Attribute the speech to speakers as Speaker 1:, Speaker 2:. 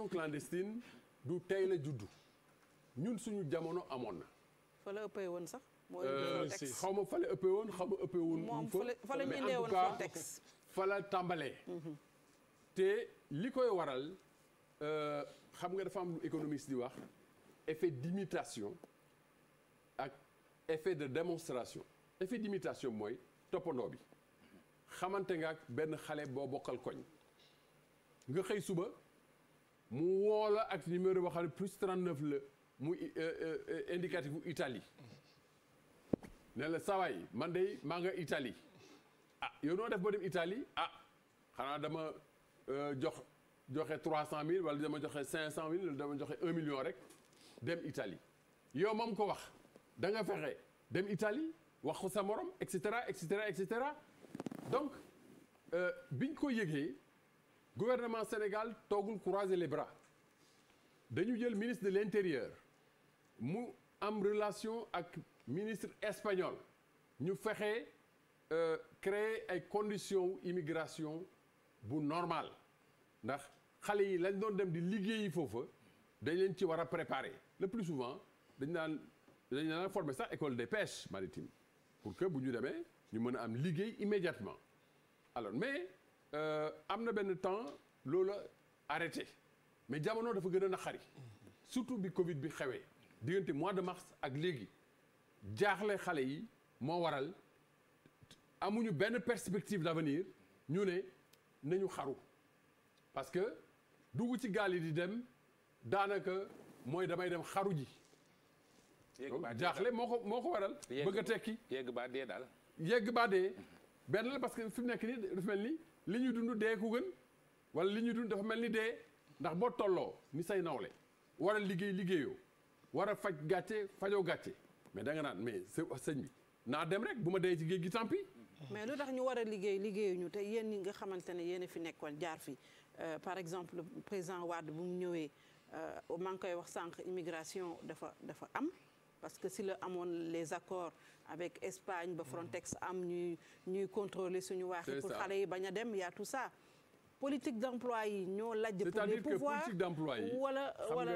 Speaker 1: immigration clandestine du tey la juddu suñu jamono amoon na. fa la woon sax. mooy euh, xaw ma fa la woon xaw ma ëppee woon. moom fa la ñu woon Frontex tàmbalee. Mhm. te li koy waral euh, xam nga dafa am lu économiste di wax effet d'imitation ak effet de démonstration effet d'imitation mooy toppandoo bi xamante nga ak benn xale boo bokkal koñ nga xëy suba. mu woola ak numéro waxal plus ne plus 39 la mu euh, euh, euh, indicatif bu Italie ne la sawaay man de maa nga itali ah yow noo def ba dem itali ah xanaa dama jox joxe trois 300000 wala dama joxe cinq cent wala dama joxe un million rek dem itali yow ma moom ko wax da nga fexe dem itali wax ko sa morom et cetera et cetera donc biñ ko yégee gouvernement Sénégal toogul croiser les bras dañu jël ministre de l'intérieur mu am relation ak ministre espagnol ñu fexe euh, créer ay conditions immigration bu normal ndax xale yi lañ doon dem di liggéeyi foofa dañ leen ci war a préparer le plus souvent dañ daan dañ daan former sax école des peche maritimes pour que bu ñu demee ñu mën a am liggéey immédiatement alors Euh, am na benn temps loola arreté mais jamono dafa gën a naqari surtout bi Covid bi xewee diggante mois de mars ak léegi jaaxle xale yi moo waral amuñu benn perspective d'avenir ñu ne nañu xaru parce que dugg ci gaal yi di dem daanaka mooy damay dem xaru ji. jaaxle moo ko moo ko waral. bëgg a tekki yegg ba dee daal. yegg ba dee benn la parce que fi mu nekk nii dafa mel ni. li ñu dund dee ku gën wala li ñu dund dafa mel ni dee ndax boo tolloo ni say nawle war a liggéey liggéeyoo war a faj gàcce fajoo gàcce mais da nga naan mais sëñ bi naa dem rek bu ma dee ci géej gi tant
Speaker 2: mais lu tax ñu war a liggéey liggéeyuñu te yéen ñi nga xamante ne yéen a fi nekkoon jaar fi euh, par exemple président Wade bu mu ñëwee euh, maa ngi koy wax sànq immigration dafa dafa am parce que si la amoon les accords avec Espagne ba Frontex am ñuy ñuy contrôler suñu waax yi pour xale yi bañ a dem y'a tout ça politique d'emploi yi ñoo lajj pour les politique d'emploi yi